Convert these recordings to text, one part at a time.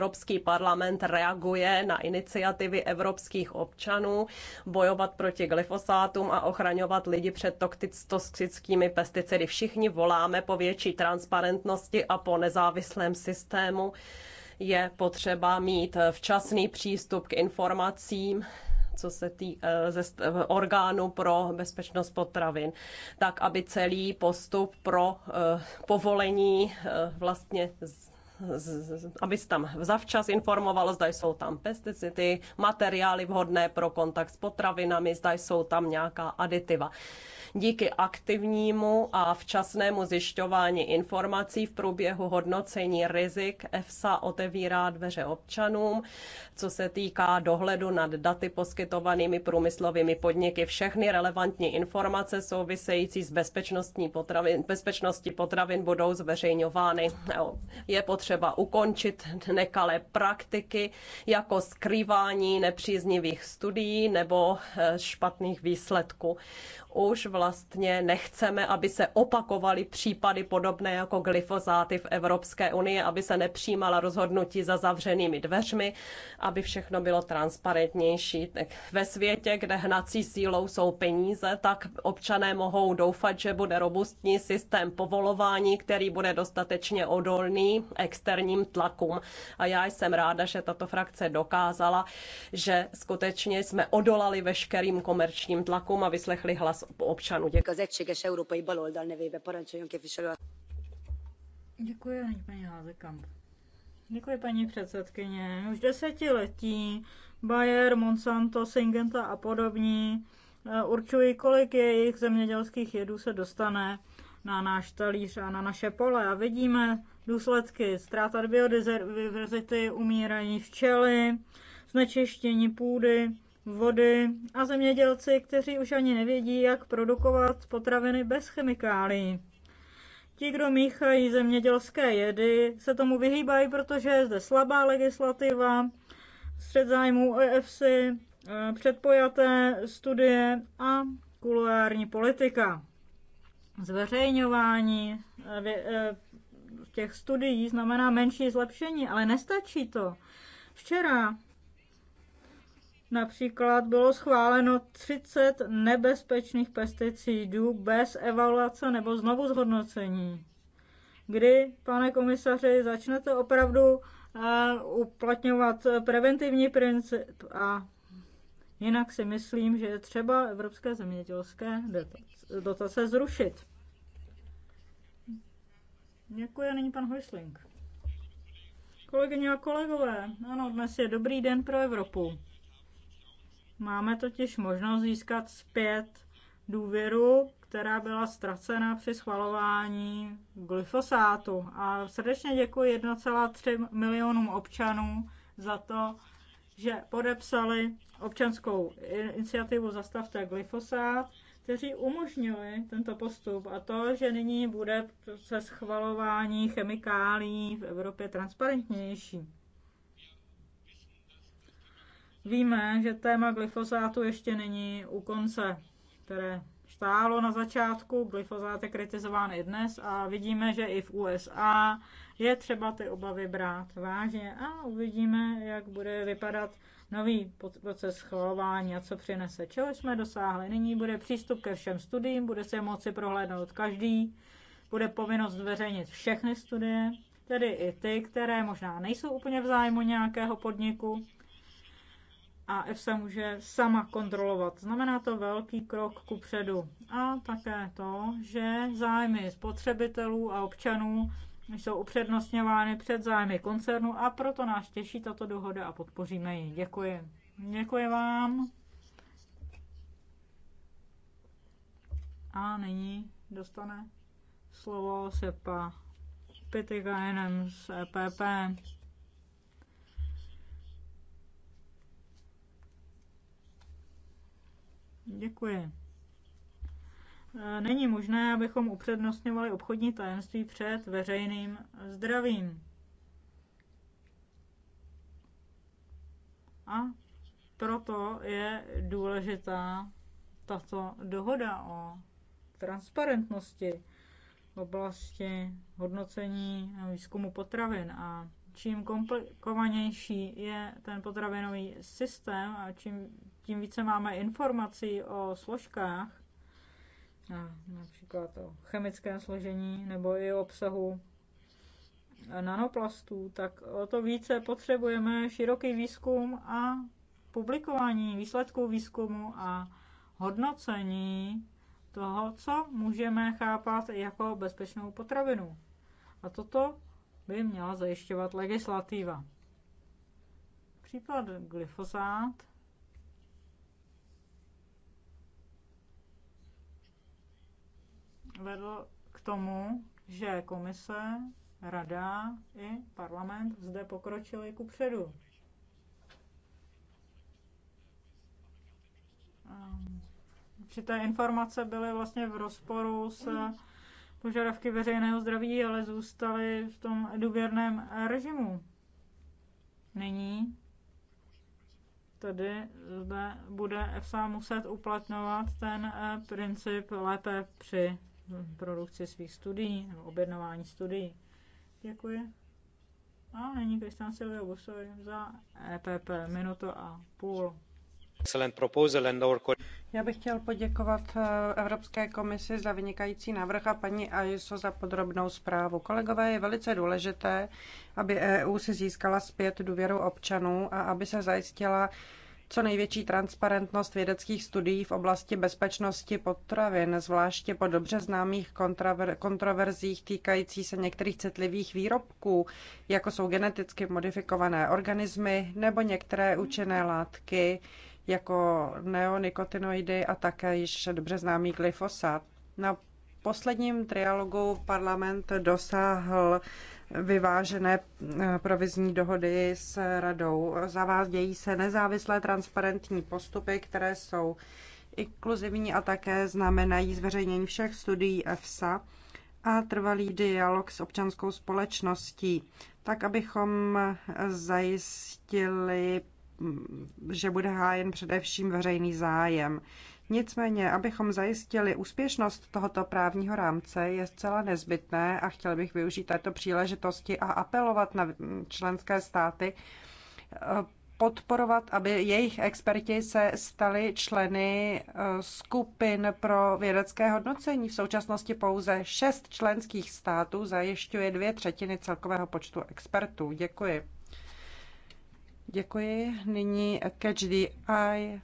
Evropský parlament reaguje na iniciativy evropských občanů bojovat proti glyfosátům a ochraňovat lidi před toxickými pesticidy. Všichni voláme po větší transparentnosti a po nezávislém systému. Je potřeba mít včasný přístup k informacím, co se tý, eh, ze eh, orgánu pro bezpečnost potravin, tak aby celý postup pro eh, povolení vlastně aby tam zavčas informoval, zda jsou tam pesticidy, materiály vhodné pro kontakt s potravinami, zda jsou tam nějaká aditiva. Díky aktivnímu a včasnému zjišťování informací v průběhu hodnocení rizik EFSA otevírá dveře občanům, co se týká dohledu nad daty poskytovanými průmyslovými podniky. Všechny relevantní informace související s bezpečnostní potravin, bezpečností potravin budou zveřejňovány. Je potřeba ukončit nekalé praktiky jako skrývání nepříznivých studií nebo eh, špatných výsledků. Už v vlastně nechceme, aby se opakovaly případy podobné jako glyfozáty v Evropské unii, aby se nepřijímala rozhodnutí za zavřenými dveřmi, aby všechno bylo transparentnější. Tak ve světě, kde hnací sílou jsou peníze, tak občané mohou doufat, že bude robustní systém povolování, který bude dostatečně odolný externím tlakům. A já jsem ráda, že tato frakce dokázala, že skutečně jsme odolali veškerým komerčním tlakům a vyslechli hlas občanů paní Házekamp. paní předsedkyně. Už desetiletí Bayer, Monsanto, Syngenta a podobní eh, určují, kolik jejich zemědělských jedů se dostane na náš talíř a na naše pole. A vidíme důsledky ztráta biodiverzity, umírají včely, znečištění půdy vody a zemědělci, kteří už ani nevědí, jak produkovat potraviny bez chemikálií. Ti, kdo míchají zemědělské jedy, se tomu vyhýbají, protože je zde slabá legislativa, střed zájmů EFC, eh, předpojaté studie a kulární politika. Zveřejňování eh, eh, těch studií znamená menší zlepšení, ale nestačí to. Včera Například bylo schváleno 30 nebezpečných pesticidů bez evaluace nebo znovu zhodnocení. Kdy, pane komisaři, začnete opravdu eh, uplatňovat preventivní princip a jinak si myslím, že je třeba evropské zemědělské dotace zrušit. Děkuji a nyní pan Hojsling. Kolegyně a kolegové, ano, dnes je dobrý den pro Evropu. Máme totiž možnost získat zpět důvěru, která byla ztracena při schvalování glyfosátu. A srdečně děkuji 1,3 milionům občanů za to, že podepsali občanskou iniciativu Zastavte glyfosát, kteří umožnili tento postup a to, že nyní bude se schvalování chemikálí v Evropě transparentnější. Víme, že téma glyfosátu ještě není u konce, které stálo na začátku, Glyfosát je kritizován i dnes a vidíme, že i v USA je třeba ty obavy brát vážně a uvidíme, jak bude vypadat nový proces schvalování a co přinese. Čeho jsme dosáhli? Nyní bude přístup ke všem studiím, bude se moci prohlédnout každý, bude povinnost zveřejnit všechny studie, tedy i ty, které možná nejsou úplně v zájmu nějakého podniku a se může sama kontrolovat. Znamená to velký krok ku předu. A také to, že zájmy spotřebitelů a občanů jsou upřednostňovány před zájmy koncernu a proto nás těší tato dohoda a podpoříme ji. Děkuji. Děkuji vám. A nyní dostane slovo Sepa Pitikainen z EPP. Děkuji. E, není možné, abychom upřednostňovali obchodní tajemství před veřejným zdravím. A proto je důležitá tato dohoda o transparentnosti v oblasti hodnocení výzkumu potravin a čím komplikovanější je ten potravinový systém a čím tím více máme informací o složkách, například o chemickém složení nebo i obsahu nanoplastů, tak o to více potřebujeme široký výzkum a publikování výsledků výzkumu a hodnocení toho, co můžeme chápat jako bezpečnou potravinu. A toto by měla zajišťovat legislativa. Případ glyfosát vedl k tomu, že komise, rada i parlament zde pokročili ku předu. Ehm, Určité informace byly vlastně v rozporu s požadavky veřejného zdraví, ale zůstaly v tom důvěrném režimu. Nyní tedy zde bude EFSA muset uplatňovat ten eh, princip lépe při produkci svých studií nebo studií. Děkuji. A nyní Kristán Silvio Busoj za EPP minutu a půl. Excellent proposal and our já bych chtěl poděkovat eh, Evropské komisi za vynikající návrh a paní Ajiso za podrobnou zprávu. Kolegové, je velice důležité, aby EU si získala zpět důvěru občanů a aby se zajistila co největší transparentnost vědeckých studií v oblasti bezpečnosti potravin, zvláště po dobře známých kontraver- kontroverzích týkající se některých citlivých výrobků, jako jsou geneticky modifikované organismy nebo některé účinné látky, jako neonikotinoidy a také již dobře známý glyfosát. Na posledním trialogu parlament dosáhl vyvážené eh, provizní dohody s radou. Zavádějí se nezávislé transparentní postupy, které jsou inkluzivní a také znamenají zveřejnění všech studií EFSA a trvalý dialog s občanskou společností, tak abychom zajistili Mm, že bude hájen především veřejný zájem. Nicméně, abychom zajistili úspěšnost tohoto právního rámce, je zcela nezbytné a chtěl bych využít této příležitosti a apelovat na členské státy, eh, podporovat, aby jejich experti se stali členy eh, skupin pro vědecké hodnocení. V současnosti pouze šest členských států zajišťuje dvě třetiny celkového počtu expertů. Děkuji. Děkuji. Nyní Catch the Eye.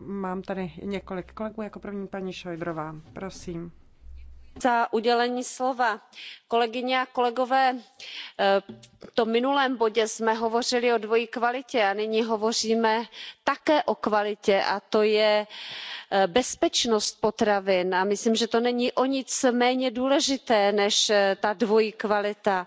Mám tady několik kolegů. Jako první paní Šojdrová. Prosím za udělení slova. kolegyně a kolegové v eh, tom minulém bodě jsme hovořili o dvojí kvalitě a nyní hovoříme také o kvalitě a to je eh, bezpečnost potravin a myslím že to není o nic méně důležité než eh, ta dvojí kvalita.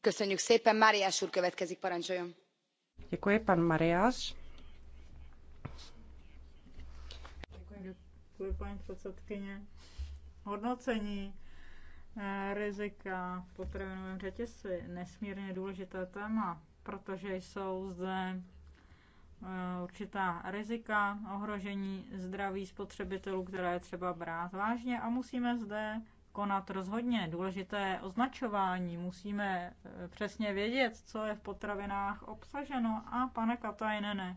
paní předsedkyně. Hodnocení eh, rizika v potravinovém řetězci je nesmírně důležité téma, protože jsou zde eh, určitá rizika, ohrožení zdraví spotřebitelů, které je třeba brát vážně a musíme zde konat rozhodně. Důležité je označování. Musíme eh, přesně vědět, co je v potravinách obsaženo. A pane Katajnene,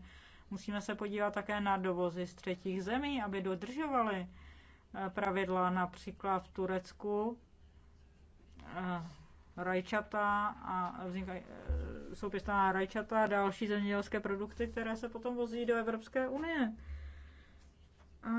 musíme se podívat také na dovozy z třetích zemí, aby dodržovali eh, pravidla například v Turecku eh, rajčata a vznikají, jsou pěstná rajčata a další zemědělské produkty, které se potom vozí do Evropské unie. A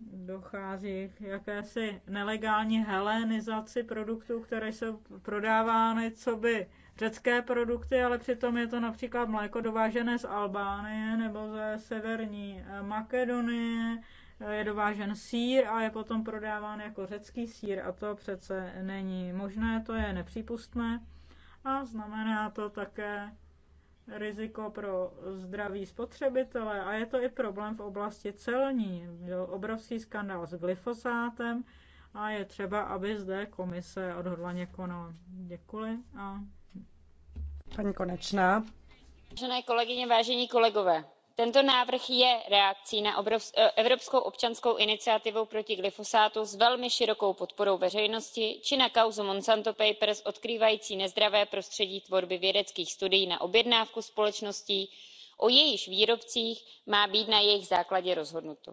dochází k jakési nelegální helenizaci produktů, které jsou prodávány co by řecké produkty, ale přitom je to například mléko dovážené z Albánie nebo ze severní eh, Makedonie, eh, je dovážen sír a je potom prodáván jako řecký sír a to přece není možné, to je nepřípustné a znamená to také riziko pro zdraví spotřebitele a je to i problém v oblasti celní. Byl obrovský skandál s glyfosátem a je třeba, aby zde komise odhodlaně konala. Děkuji a... Paní Konečná. Vážené kolegyně, vážení kolegové tento návrh je reakcí na eh, evropskou občanskou iniciativu proti glyfosátu s velmi širokou podporou veřejnosti či na kauzu monsanto papers odkrývající nezdravé prostředí tvorby vědeckých studií na objednávku společností o jejichž výrobcích má být na jejich základě rozhodnuto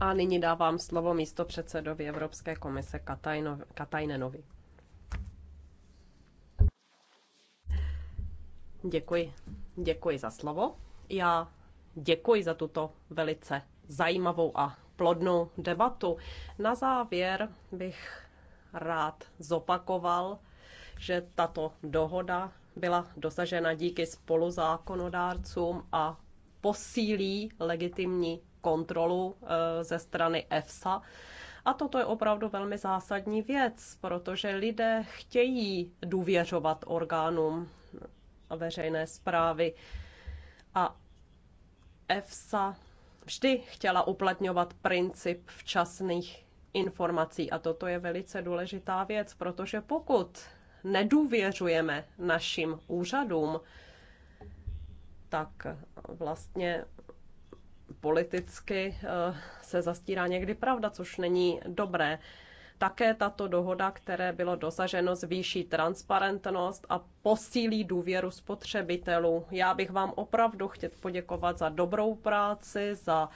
a nyní dávám slovo místo předsedovi Evropské komise Katajnenovi. Děkuji. Děkuji za slovo. Já děkuji za tuto velice zajímavou a plodnou debatu. Na závěr bych rád zopakoval, že tato dohoda byla dosažena díky spoluzákonodárcům a posílí legitimní kontrolu eh, ze strany EFSA. A toto je opravdu velmi zásadní věc, protože lidé chtějí důvěřovat orgánům veřejné zprávy. A EFSA vždy chtěla uplatňovat princip včasných informací. A toto je velice důležitá věc, protože pokud nedůvěřujeme našim úřadům, tak vlastně politicky eh, se zastírá někdy pravda, což není dobré. Také tato dohoda, které bylo dosaženo, zvýší transparentnost a posílí důvěru spotřebitelů. Já bych vám opravdu chtěl poděkovat za dobrou práci, za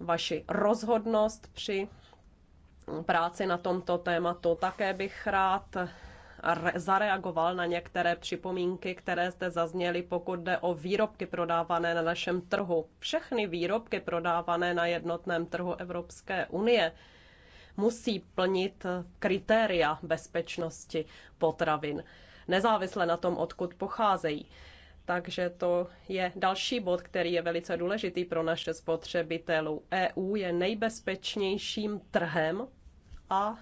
vaši rozhodnost při práci na tomto tématu. Také bych rád zareagoval na některé připomínky, které zde zazněly, pokud jde o výrobky prodávané na našem trhu. Všechny výrobky prodávané na jednotném trhu Evropské unie musí plnit kritéria bezpečnosti potravin, nezávisle na tom, odkud pocházejí. Takže to je další bod, který je velice důležitý pro naše spotřebitelů. EU je nejbezpečnějším trhem a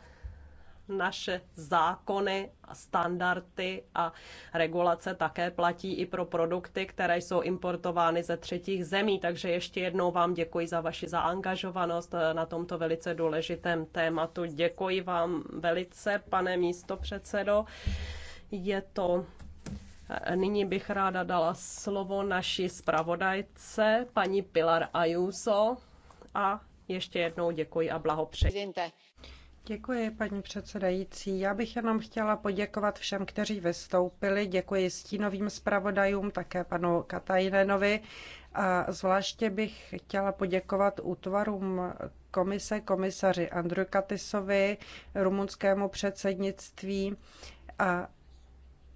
naše zákony a standardy a regulace také platí i pro produkty, které jsou importovány ze třetích zemí. Takže ještě jednou vám děkuji za vaši zaangažovanost na tomto velice důležitém tématu. Děkuji vám velice, pane místopředsedo. Je to Nyní bych ráda dala slovo naší zpravodajce, paní Pilar Ayuso. A ještě jednou děkuji a blahopřeji. Děkuji, paní předsedající. Já bych jenom chtěla poděkovat všem, kteří vystoupili. Děkuji stínovým zpravodajům, také panu Katajnenovi. A zvláště bych chtěla poděkovat útvarům komise, komisaři Andru Katisovi, rumunskému předsednictví a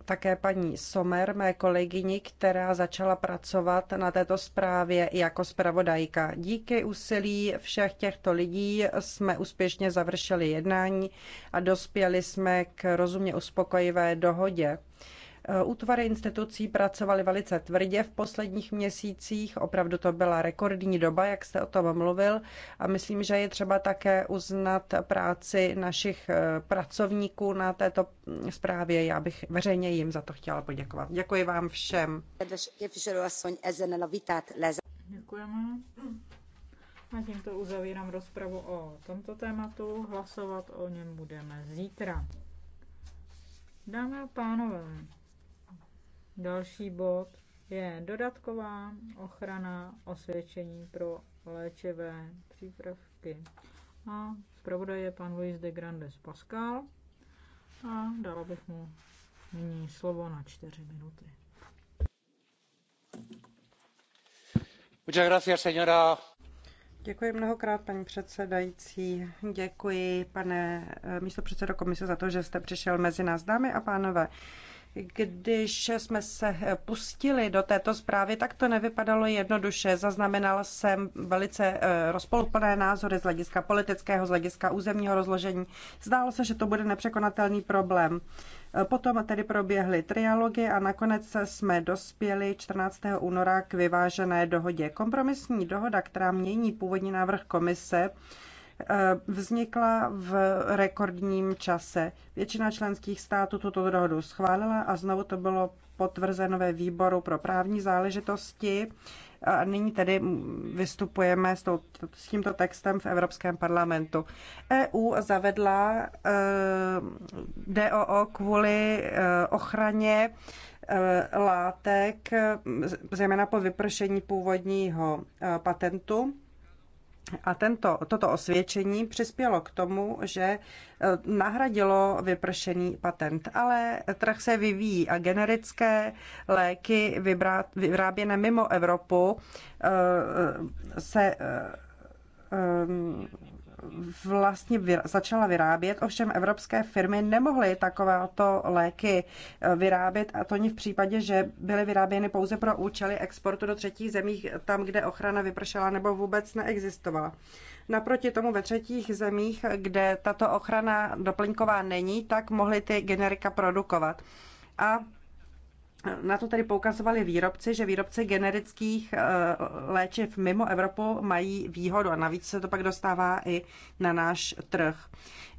také paní Somer, mé kolegyni, která začala pracovat na této zprávě jako zpravodajka. Díky úsilí všech těchto lidí jsme úspěšně završili jednání a dospěli jsme k rozumně uspokojivé dohodě. Eh, útvary institucí pracovaly velice tvrdě v posledních měsících, opravdu to byla rekordní doba, jak jste o tom mluvil, a myslím, že je třeba také uznat práci našich eh, pracovníků na této mm, zprávě. Já bych veřejně jim za to chtěla poděkovat. Děkuji vám všem. Děkujeme. A tímto uzavírám rozpravu o tomto tématu. Hlasovat o něm budeme zítra. Dámy a pánové, Další bod je dodatková ochrana osvědčení pro léčivé přípravky. A zpravodaj je pan Luis de Grandes Pascal a dala bych mu nyní slovo na čtyři minuty. Děkuji mnohokrát, paní předsedající. Děkuji, pane eh, místopředsedo komise, za to, že jste přišel mezi nás, dámy a pánové. Když jsme se pustili do této zprávy, tak to nevypadalo jednoduše. Zaznamenal jsem velice eh, rozpolupné názory z hlediska politického, z hlediska územního rozložení. Zdálo se, že to bude nepřekonatelný problém. Eh, potom tedy proběhly trialogy a nakonec jsme dospěli 14. února k vyvážené dohodě. Kompromisní dohoda, která mění původní návrh komise, Eh, vznikla v rekordním čase. Většina členských států tuto dohodu schválila a znovu to bylo potvrzeno ve výboru pro právní záležitosti. A nyní tedy vystupujeme s, tou, s tímto textem v Evropském parlamentu. EU zavedla eh, DOO kvůli eh, ochraně eh, látek, eh, zejména po vypršení původního eh, patentu a tento, toto osvědčení přispělo k tomu, že eh, nahradilo vypršený patent. Ale trh se vyvíjí a generické léky vyráběné mimo Evropu eh, se eh, vlastně začala vyrábět, ovšem evropské firmy nemohly takovéto léky eh, vyrábět a to ani v případě, že byly vyráběny pouze pro účely exportu do třetích zemí, tam, kde ochrana vypršela nebo vůbec neexistovala. Naproti tomu ve třetích zemích, kde tato ochrana doplňková není, tak mohly ty generika produkovat. A na to tedy poukazovali výrobci, že výrobci generických eh, léčiv mimo Evropu mají výhodu a navíc se to pak dostává i na náš trh.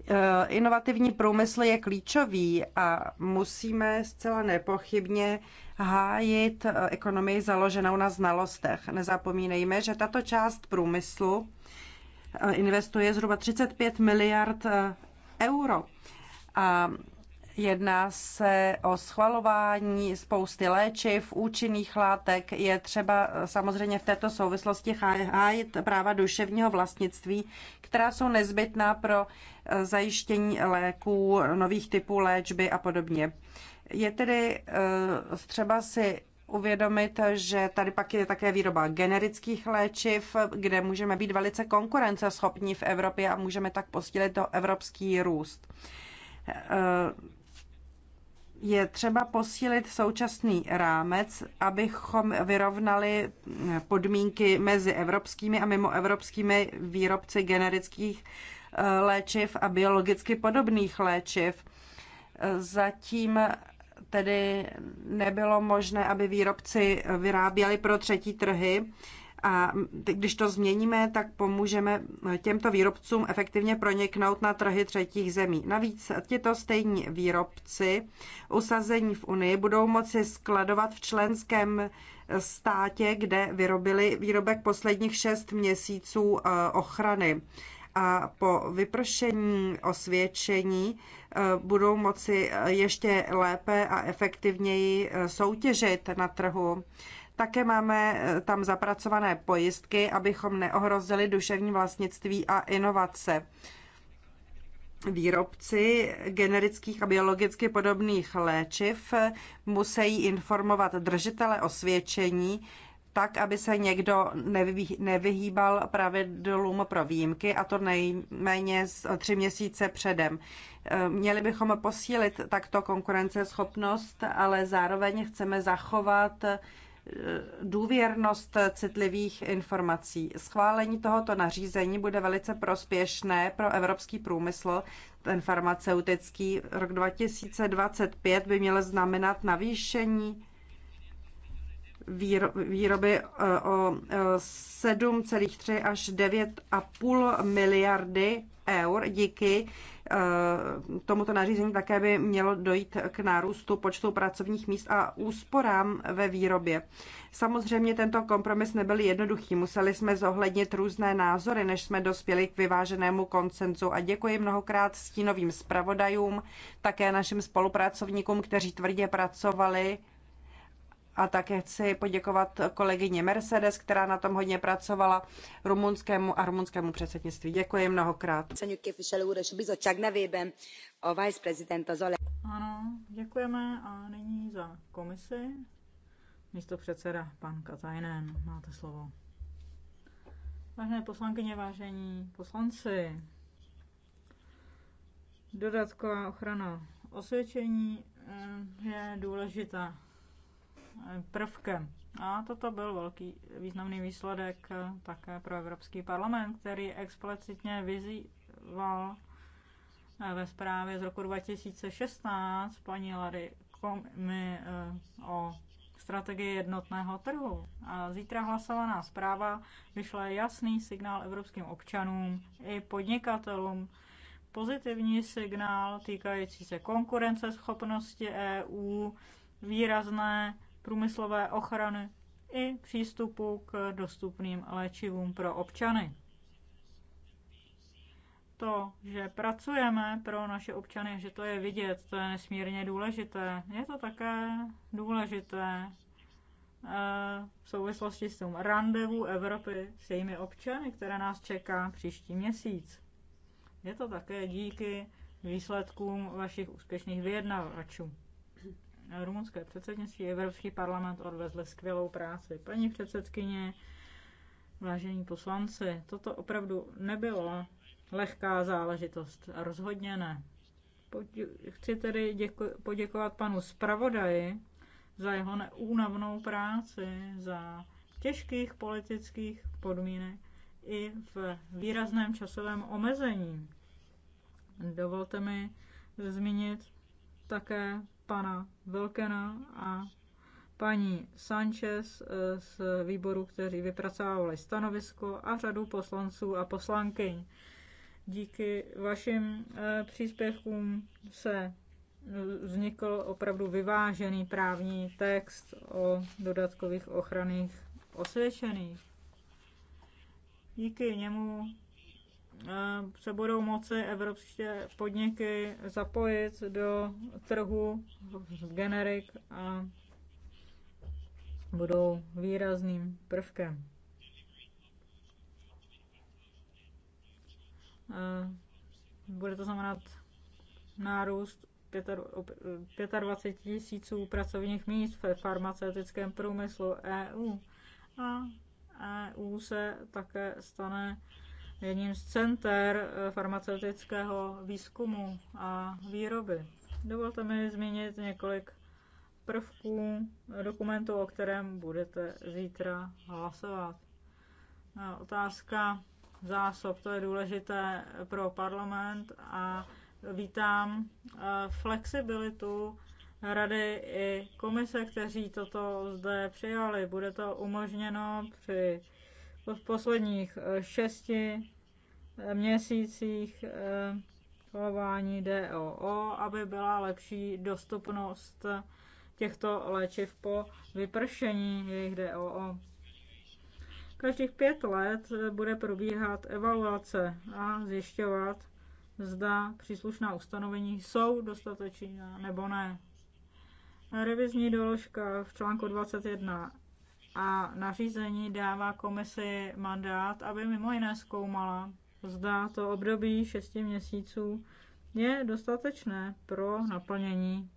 Eh, inovativní průmysl je klíčový a musíme zcela nepochybně hájit eh, ekonomii založenou na znalostech. Nezapomínejme, že tato část průmyslu investuje zhruba 35 miliard euro. A Jedná se o schvalování spousty léčiv, účinných látek. Je třeba eh, samozřejmě v této souvislosti hájit práva duševního vlastnictví, která jsou nezbytná pro eh, zajištění léků, nových typů léčby a podobně. Je tedy eh, třeba si uvědomit, že tady pak je také výroba generických léčiv, kde můžeme být velice konkurenceschopní v Evropě a můžeme tak posílit to evropský růst je třeba posílit současný rámec, abychom vyrovnali podmínky mezi evropskými a mimoevropskými výrobci generických eh, léčiv a biologicky podobných léčiv. Zatím tedy nebylo možné, aby výrobci vyráběli pro třetí trhy a když to změníme, tak pomůžeme těmto výrobcům efektivně proniknout na trhy třetích zemí. Navíc tyto stejní výrobci usazení v Unii budou moci skladovat v členském státě, kde vyrobili výrobek posledních šest měsíců eh, ochrany a po vypršení osvědčení eh, budou moci eh, ještě lépe a efektivněji soutěžit na trhu. Také máme eh, tam zapracované pojistky, abychom neohrozili duševní vlastnictví a inovace. Výrobci generických a biologicky podobných léčiv eh, musí informovat držitele osvědčení, tak, aby se někdo nevyhýbal pravidlům pro výjimky, a to nejméně tři měsíce předem. Eh, měli bychom posílit takto konkurenceschopnost, ale zároveň chceme zachovat důvěrnost citlivých informací. Schválení tohoto nařízení bude velice prospěšné pro evropský průmysl. Ten farmaceutický rok 2025 by měl znamenat navýšení výroby e, o 7,3 e, až 9,5 miliardy eur. Díky eh, tomuto nařízení také by mělo dojít k nárůstu počtu pracovních míst a úsporám ve výrobě. Samozřejmě tento kompromis nebyl jednoduchý. Museli jsme zohlednit různé názory, než jsme dospěli k vyváženému koncenzu. A děkuji mnohokrát stínovým zpravodajům, také našim spolupracovníkům, kteří tvrdě pracovali a také chci poděkovat kolegyně Mercedes, která na tom hodně pracovala, rumunskému a rumunskému předsednictví. Děkuji mnohokrát. Ano, děkujeme a nyní za komisi. Místo předseda pan Katajnen, máte slovo. Vážené poslankyně, vážení poslanci, dodatková ochrana osvědčení eh, je důležitá prvkem. A toto byl velký významný výsledek eh, také pro Evropský parlament, který explicitně vyzýval eh, ve zprávě z roku 2016 paní Lady Komi eh, o strategii jednotného trhu. A zítra hlasovaná zpráva vyšla jasný signál evropským občanům i podnikatelům, pozitivní signál týkající se konkurenceschopnosti EU, výrazné průmyslové ochrany i přístupu k dostupným léčivům pro občany. To, že pracujeme pro naše občany, že to je vidět, to je nesmírně důležité. Je to také důležité eh, v souvislosti s tím randevu Evropy s jejími občany, které nás čeká příští měsíc. Je to také díky výsledkům vašich úspěšných vyjednavačů rumunské předsednictví Evropský parlament odvezl skvělou práci. Paní předsedkyně, vážení poslanci, toto opravdu nebylo lehká záležitost, rozhodně ne. Chci tedy děku, poděkovat panu zpravodaji za jeho neúnavnou práci, za těžkých politických podmínek i v výrazném časovém omezení. Dovolte mi zmínit také pana Velkena a paní Sanchez eh, z výboru, kteří vypracovali stanovisko a řadu poslanců a poslankyň. Díky vašim eh, příspěvkům se eh, vznikl opravdu vyvážený právní text o dodatkových ochranných osvědčených. Díky němu Eh, se budou moci evropské podniky zapojit do trhu z generik a budou výrazným prvkem. Eh, bude to znamenat nárůst 25 tisíců pracovních míst ve farmaceutickém průmyslu EU a EU se také stane jedním z center eh, farmaceutického výzkumu a výroby. Dovolte mi zmínit několik prvků dokumentu, o kterém budete zítra hlasovat. Eh, otázka zásob, to je důležité pro parlament a vítám eh, flexibilitu rady i komise, kteří toto zde přijali. Bude to umožněno při v posledních šesti měsících eh, chování DOO, aby byla lepší dostupnost těchto léčiv po vypršení jejich DOO. Každých pět let bude probíhat evaluace a zjišťovat, zda příslušná ustanovení jsou dostatečná nebo ne. Revizní doložka v článku 21 a nařízení dává komisi mandát, aby mimo jiné zkoumala, zda to období 6 měsíců je dostatečné pro naplnění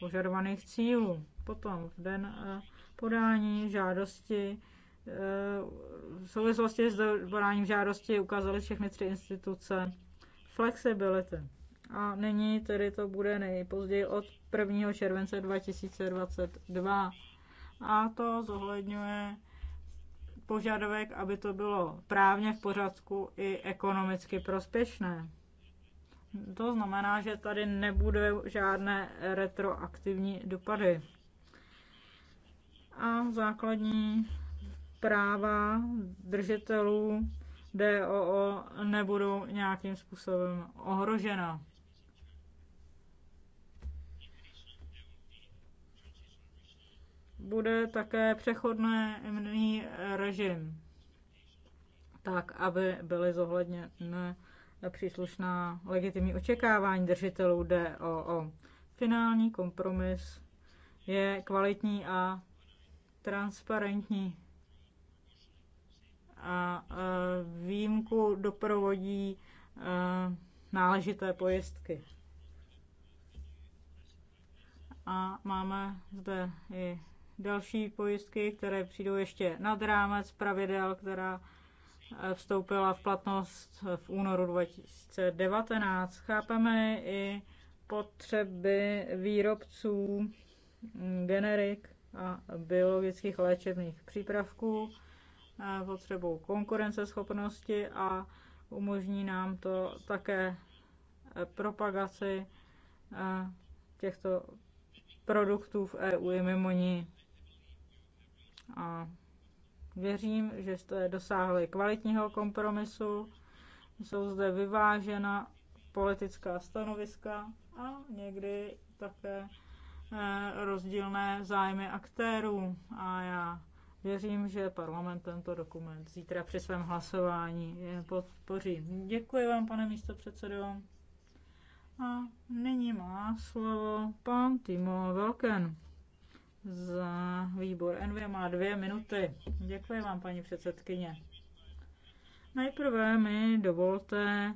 požadovaných cílů. Potom v den eh, podání žádosti eh, v souvislosti s podáním žádosti ukázaly všechny tři instituce flexibility. A nyní tedy to bude nejpozději od 1. července 2022. A to zohledňuje požadavek, aby to bylo právně v pořádku i ekonomicky prospěšné. To znamená, že tady nebude žádné retroaktivní dopady. A základní práva držitelů DOO nebudou nějakým způsobem ohrožena. bude také přechodný režim, tak aby byly zohledněny příslušná legitimní očekávání držitelů DOO. Finální kompromis je kvalitní a transparentní. A e, výjimku doprovodí e, náležité pojistky. A máme zde i další pojistky, které přijdou ještě nad rámec pravidel, která eh, vstoupila v platnost v únoru 2019. Chápeme i potřeby výrobců mm, generik a biologických léčebných přípravků, eh, potřebou konkurenceschopnosti a umožní nám to také eh, propagaci těchto produktů v EU i mimo ní a věřím, že jste dosáhli kvalitního kompromisu. Jsou zde vyvážena politická stanoviska a někdy také eh, rozdílné zájmy aktérů. A já věřím, že parlament tento dokument zítra při svém hlasování podpoří. Děkuji vám, pane místo předsedo. A nyní má slovo pan Timo Velken za výbor Nv má dvě minuty. Děkuji vám, paní předsedkyně. Nejprve mi dovolte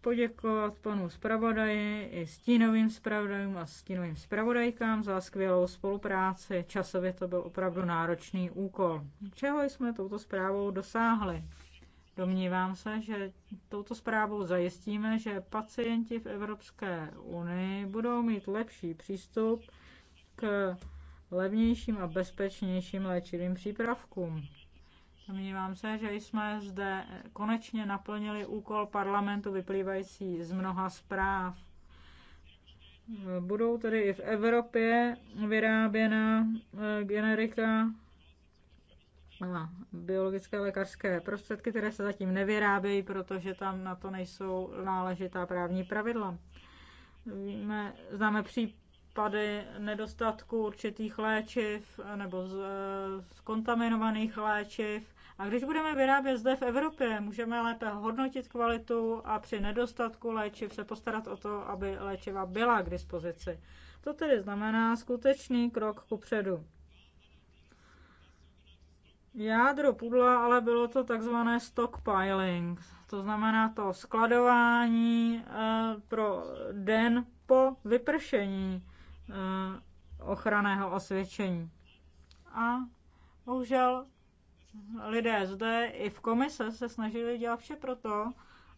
poděkovat panu zpravodaji i stínovým zpravodajům a stínovým zpravodajkám za skvělou spolupráci. Časově to byl opravdu náročný úkol. Čeho jsme touto zprávou dosáhli? Domnívám se, že touto zprávou zajistíme, že pacienti v Evropské unii budou mít lepší přístup k levnějším a bezpečnějším léčivým přípravkům. Domnívám se, že jsme zde konečně naplnili úkol parlamentu vyplývající z mnoha zpráv. Budou tedy i v Evropě vyráběna eh, generika a biologické lékařské prostředky, které se zatím nevyrábějí, protože tam na to nejsou náležitá právní pravidla. Víme, známe případ případy nedostatku určitých léčiv nebo z, z eh, kontaminovaných léčiv. A když budeme vyrábět zde v Evropě, můžeme lépe hodnotit kvalitu a při nedostatku léčiv se postarat o to, aby léčiva byla k dispozici. To tedy znamená skutečný krok kupředu. Jádro pudla ale bylo to takzvané stockpiling, to znamená to skladování eh, pro den po vypršení. Eh, ochraného osvědčení. A bohužel lidé zde i v komise se snažili dělat vše proto,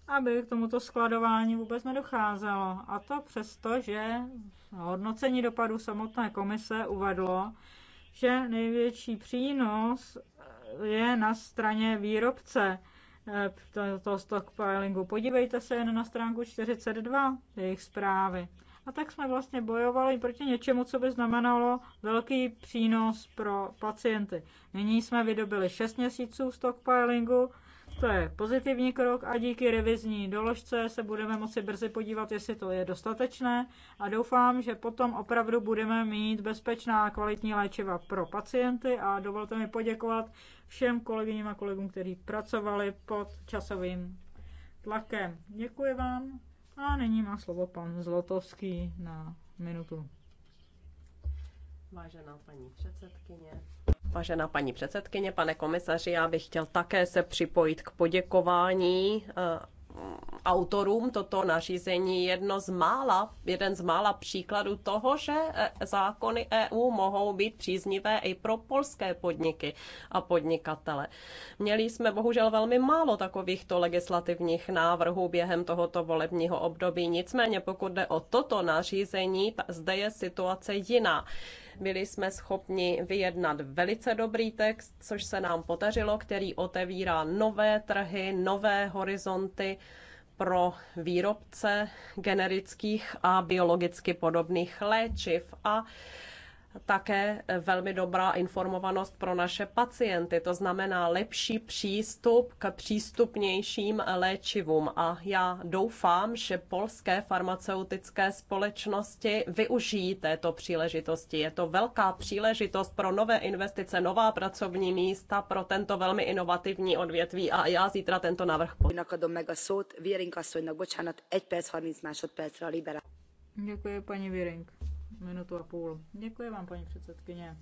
aby k tomuto skladování vůbec nedocházelo. A to přesto, že hodnocení dopadu samotné komise uvedlo, že největší přínos je na straně výrobce eh, toho stockpilingu. Podívejte se jen na stránku 42 jejich zprávy. A tak jsme vlastně bojovali proti něčemu, co by znamenalo velký přínos pro pacienty. Nyní jsme vydobili 6 měsíců stockpilingu, to je pozitivní krok a díky revizní doložce se budeme moci brzy podívat, jestli to je dostatečné a doufám, že potom opravdu budeme mít bezpečná a kvalitní léčiva pro pacienty a dovolte mi poděkovat všem kolegyním a kolegům, kteří pracovali pod časovým tlakem. Děkuji vám. A nyní má slovo pan Zlotovský na minutu. Vážená paní předsedkyně, Vážená paní předsedkyně, pane komisaři, já bych chtěl také se připojit k poděkování eh, autorům toto nařízení jedno z mála, jeden z mála příkladů toho, že e, zákony EU mohou být příznivé i pro polské podniky a podnikatele. Měli jsme bohužel velmi málo takovýchto legislativních návrhů během tohoto volebního období. Nicméně pokud jde o toto nařízení, zde je situace jiná. Byli jsme schopni vyjednat velice dobrý text, což se nám podařilo, který otevírá nové trhy, nové horizonty pro výrobce generických a biologicky podobných léčiv a také velmi dobrá informovanost pro naše pacienty, to znamená lepší přístup k přístupnějším léčivům. A já doufám, že polské farmaceutické společnosti využijí této příležitosti. Je to velká příležitost pro nové investice, nová pracovní místa, pro tento velmi inovativní odvětví a já zítra tento návrh podpořím. Děkuji, paní Věrenka minutu a půl. Děkuji vám, paní předsedkyně.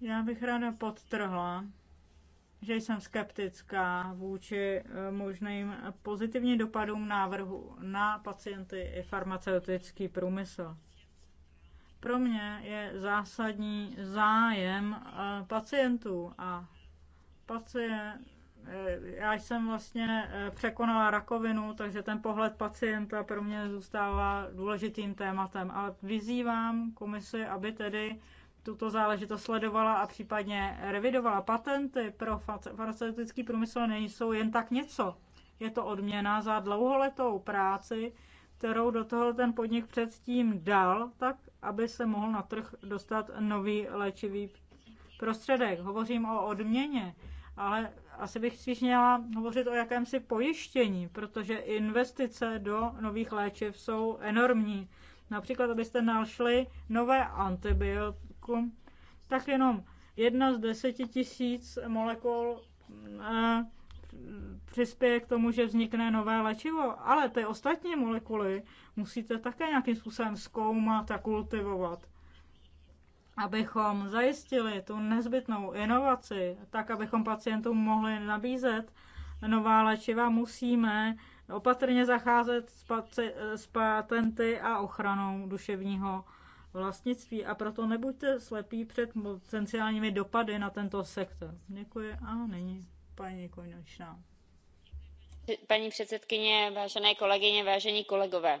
Já bych ráda podtrhla, že jsem skeptická vůči eh, možným pozitivním dopadům návrhu na pacienty i farmaceutický průmysl. Pro mě je zásadní zájem eh, pacientů a pacient Eh, já jsem vlastně eh, překonala rakovinu, takže ten pohled pacienta pro mě zůstává důležitým tématem. Ale vyzývám komisi, aby tedy tuto záležitost sledovala a případně revidovala. Patenty pro farmaceutický průmysl nejsou jen tak něco. Je to odměna za dlouholetou práci, kterou do toho ten podnik předtím dal, tak aby se mohl na trh dostat nový léčivý prostředek. Hovořím o odměně, ale asi bych spíš měla hovořit o jakémsi pojištění, protože investice do nových léčiv jsou enormní. Například, abyste našli nové antibiotikum, tak jenom jedna z deseti tisíc molekul e, přispěje k tomu, že vznikne nové léčivo, ale ty ostatní molekuly musíte také nějakým způsobem zkoumat a kultivovat abychom zajistili tu nezbytnou inovaci, tak abychom pacientům mohli nabízet nová léčiva, musíme opatrně zacházet s, paci- s patenty a ochranou duševního vlastnictví a proto nebuďte slepí před potenciálními dopady na tento sektor. Děkuji a není paní Konečná. Paní předsedkyně, vážené kolegyně, vážení kolegové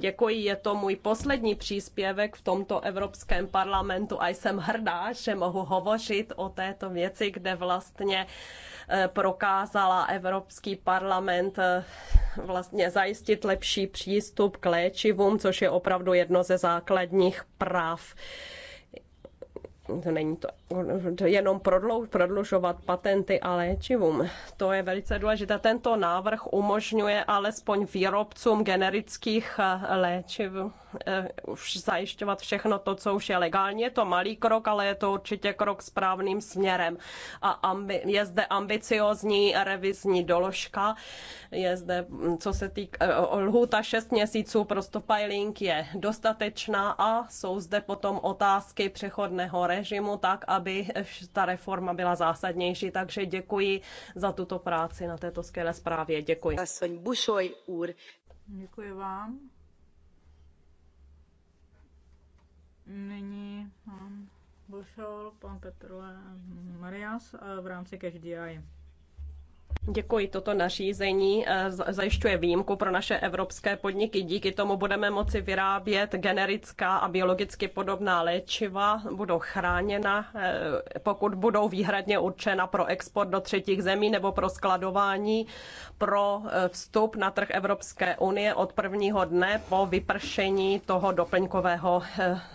Děkuji, je to můj poslední příspěvek v tomto Evropském parlamentu a jsem hrdá, že mohu hovořit o této věci, kde vlastně eh, prokázala Evropský parlament eh, vlastně zajistit lepší přístup k léčivům, což je opravdu jedno ze základních práv. To není to jenom prodlou, prodlužovat patenty a léčivům. To je velice důležité. Tento návrh umožňuje alespoň výrobcům generických eh, léčiv eh, už zajišťovat všechno to, co už je legální. Je to malý krok, ale je to určitě krok správným směrem. A ambi- je zde ambiciozní revizní doložka. Je zde, co se týká eh, lhůta 6 měsíců pro stopiling je dostatečná a jsou zde potom otázky přechodného režimu, tak a aby ta reforma byla zásadnější, takže děkuji za tuto práci na této skvělé zprávě. Děkuji. Děkuji vám. Nyní pan Bošol, pan Petrle Marias eh, v rámci Cash DI. Děkuji. Toto nařízení eh, zajišťuje výjimku pro naše evropské podniky. Díky tomu budeme moci vyrábět generická a biologicky podobná léčiva. Budou chráněna, eh, pokud budou výhradně určena pro export do třetích zemí nebo pro skladování pro eh, vstup na trh Evropské unie od prvního dne po vypršení toho doplňkového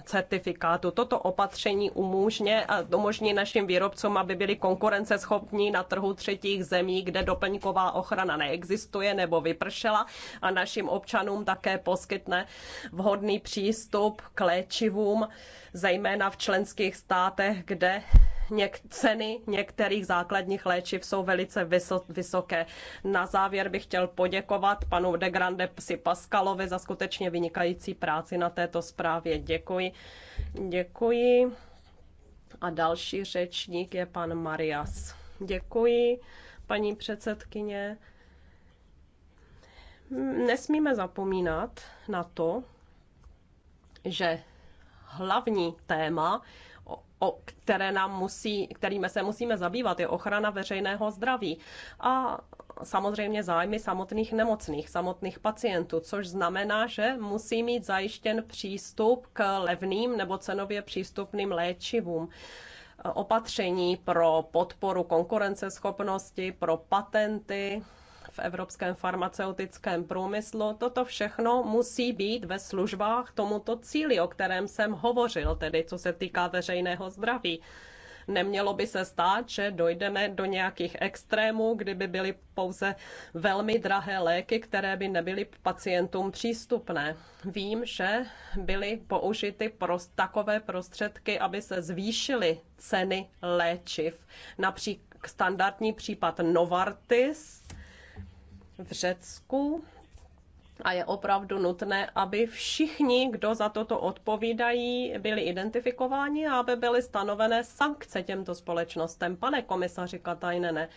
certifikátu. Toto opatření umožně, umožní našim výrobcům, aby byli konkurenceschopní na trhu třetích zemí, kde kde doplňková ochrana neexistuje nebo vypršela a našim občanům také poskytne vhodný přístup k léčivům, zejména v členských státech, kde něk- ceny některých základních léčiv jsou velice vysoké. Na závěr bych chtěl poděkovat panu de Grande Psi Paskalovi za skutečně vynikající práci na této zprávě. Děkuji. Děkuji. A další řečník je pan Marias. Děkuji paní předsedkyně. Nesmíme zapomínat na to, že hlavní téma, o, o které nám musí, kterým se musíme zabývat, je ochrana veřejného zdraví a samozřejmě zájmy samotných nemocných, samotných pacientů, což znamená, že musí mít zajištěn přístup k levným nebo cenově přístupným léčivům opatření pro podporu konkurenceschopnosti, pro patenty v evropském farmaceutickém průmyslu. Toto všechno musí být ve službách tomuto cíli, o kterém jsem hovořil, tedy co se týká veřejného zdraví. Nemělo by se stát, že dojdeme do nějakých extrémů, kdyby byly pouze velmi drahé léky, které by nebyly pacientům přístupné. Vím, že byly použity prost, takové prostředky, aby se zvýšily ceny léčiv. Například standardní případ Novartis v Řecku a je opravdu nutné, aby všichni, kdo za toto odpovídají, byli identifikováni a aby byly stanovené sankce těmto společnostem. Pane komisaři Katajnene,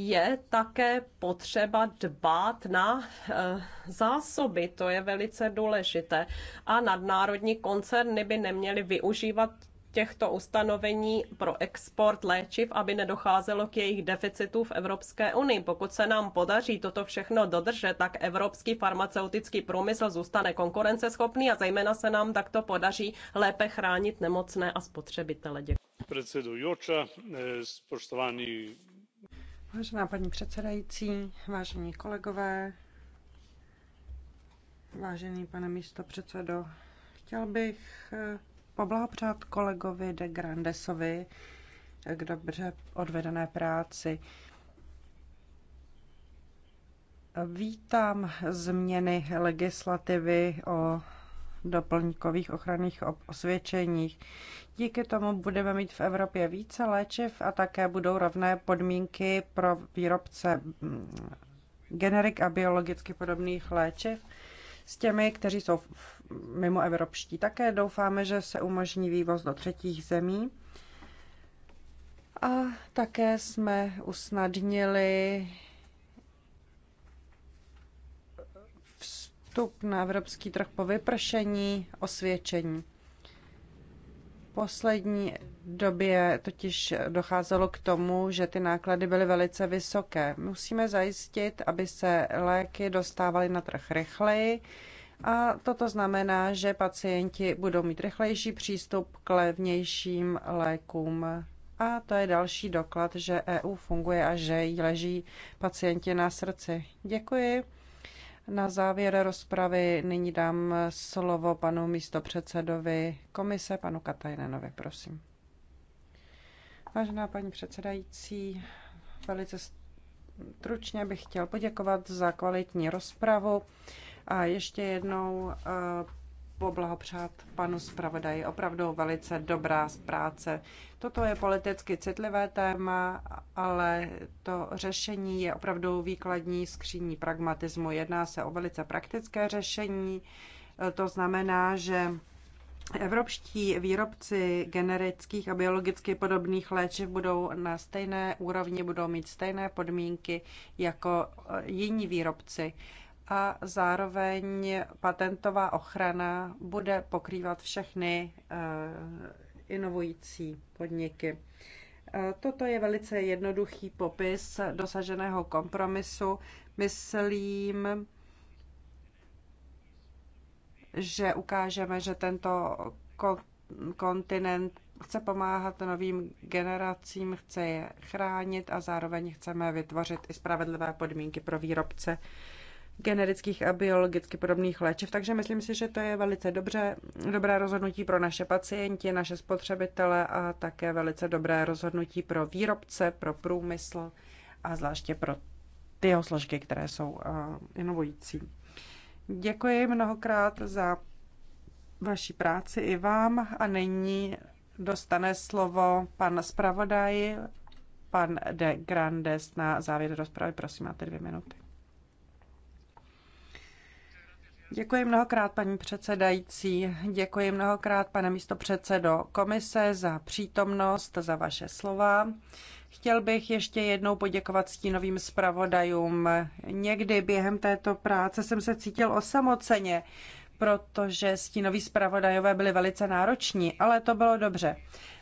je také potřeba dbát na eh, zásoby, to je velice důležité. A nadnárodní koncerny by neměly využívat těchto ustanovení pro export léčiv, aby nedocházelo k jejich deficitu v Evropské unii. Pokud se nám podaří toto všechno dodržet, tak evropský farmaceutický průmysl zůstane konkurenceschopný a zejména se nám takto podaří lépe chránit nemocné a spotřebitele. Děkuji. Eh, Vážená paní předsedající, vážení kolegové, vážený pane místo předsedo, chtěl bych eh, poblahopřát kolegovi de Grandesovi k dobře odvedené práci. Vítám změny legislativy o doplňkových ochranných osvědčeních. Díky tomu budeme mít v Evropě více léčiv a také budou rovné podmínky pro výrobce mm, generik a biologicky podobných léčiv s těmi, kteří jsou mimo evropští. Také doufáme, že se umožní vývoz do třetích zemí. A také jsme usnadnili vstup na evropský trh po vypršení osvědčení poslední době totiž docházelo k tomu, že ty náklady byly velice vysoké. Musíme zajistit, aby se léky dostávaly na trh rychleji a toto znamená, že pacienti budou mít rychlejší přístup k levnějším lékům. A to je další doklad, že EU funguje a že jí leží pacienti na srdci. Děkuji. Na závěr rozpravy nyní dám slovo panu místopředsedovi komise, panu Katajnenovi, prosím. Vážená paní předsedající, velice stručně bych chtěl poděkovat za kvalitní rozpravu a ještě jednou eh, poblahopřát panu zpravodaji. Opravdu velice dobrá práce. Toto je politicky citlivé téma, ale to řešení je opravdu výkladní skříní pragmatismu. Jedná se o velice praktické řešení. To znamená, že Evropští výrobci generických a biologicky podobných léčiv budou na stejné úrovni, budou mít stejné podmínky jako jiní výrobci a zároveň patentová ochrana bude pokrývat všechny eh, inovující podniky. Eh, toto je velice jednoduchý popis dosaženého kompromisu. Myslím, že ukážeme, že tento kontinent chce pomáhat novým generacím, chce je chránit a zároveň chceme vytvořit i spravedlivé podmínky pro výrobce generických a biologicky podobných léčiv, takže myslím si, že to je velice dobře, dobré rozhodnutí pro naše pacienti, naše spotřebitele a také velice dobré rozhodnutí pro výrobce, pro průmysl a zvláště pro ty jeho složky, které jsou eh, inovující. Děkuji mnohokrát za vaší práci i vám a nyní dostane slovo pan zpravodaj, pan de Grandes na závěr rozpravy. Prosím, máte dvě minuty. Děkuji mnohokrát, paní předsedající. Děkuji mnohokrát, pane místopředsedo komise, za přítomnost, za vaše slova. Chtěl bych ještě jednou poděkovat stínovým zpravodajům. Někdy během této práce jsem se cítil osamoceně, protože stínoví zpravodajové byli velice nároční, ale to bylo dobře.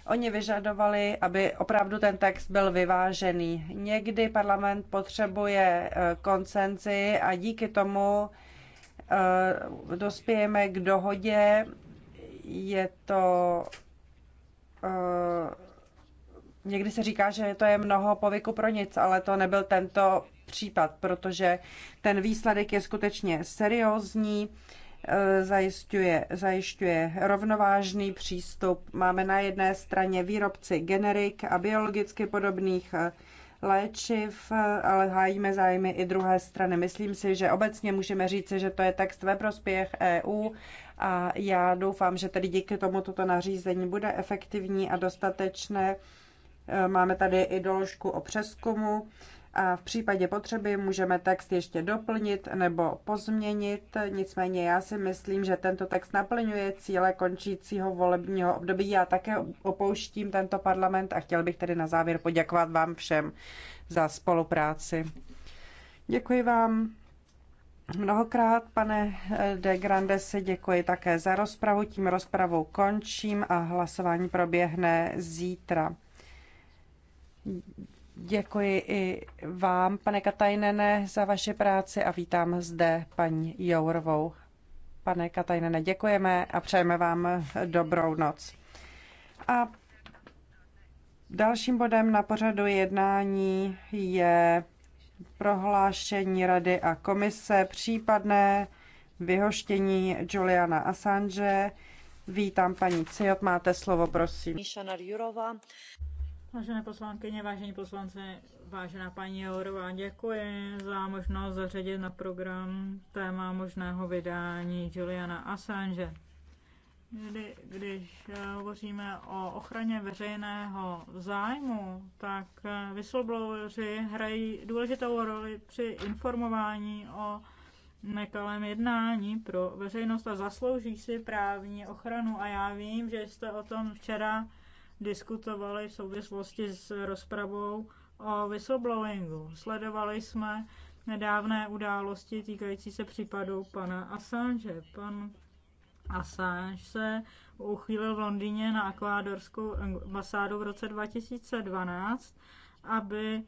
Oni vyžadovali, aby opravdu ten text byl vyvážený. Někdy parlament potřebuje eh, koncenzi a díky tomu Eh, dospějeme k dohodě. Je to eh, někdy se říká, že to je mnoho povyku pro nic, ale to nebyl tento případ, protože ten výsledek je skutečně seriózní, eh, zajišťuje, zajišťuje rovnovážný přístup. Máme na jedné straně výrobci generik a biologicky podobných léčiv, ale hájíme zájmy i druhé strany. Myslím si, že obecně můžeme říci, že to je text ve prospěch EU a já doufám, že tedy díky tomu toto nařízení bude efektivní a dostatečné. E, máme tady i doložku o přeskumu a v případě potřeby můžeme text ještě doplnit nebo pozměnit. Nicméně já si myslím, že tento text naplňuje cíle končícího volebního období. Já také opouštím tento parlament a chtěl bych tedy na závěr poděkovat vám všem za spolupráci. Děkuji vám. Mnohokrát, pane eh, de se děkuji také za rozpravu. Tím rozpravou končím a hlasování proběhne zítra. Děkuji i vám, pane Katajnene, za vaši práci a vítám zde paní Jourovou. Pane Katajnene, děkujeme a přejeme vám dobrou noc. A dalším bodem na pořadu jednání je prohlášení Rady a komise případné vyhoštění Juliana Assange. Vítám paní Ciot, máte slovo, prosím. Vážené poslankyně, vážení poslanci, vážená paní Jourová, děkuji za možnost zařadit na program téma možného vydání Juliana Assange. Kdy, když eh, hovoříme o ochraně veřejného zájmu, tak vysloblouři eh, hrají důležitou roli při informování o nekalém jednání pro veřejnost a zaslouží si právní ochranu. A já vím, že jste o tom včera diskutovali v souvislosti s rozpravou o whistleblowingu. Sledovali jsme nedávné události týkající se případu pana Assange. Pan Assange se uchýlil v Londýně na akvádorskou ambasádu v roce 2012, aby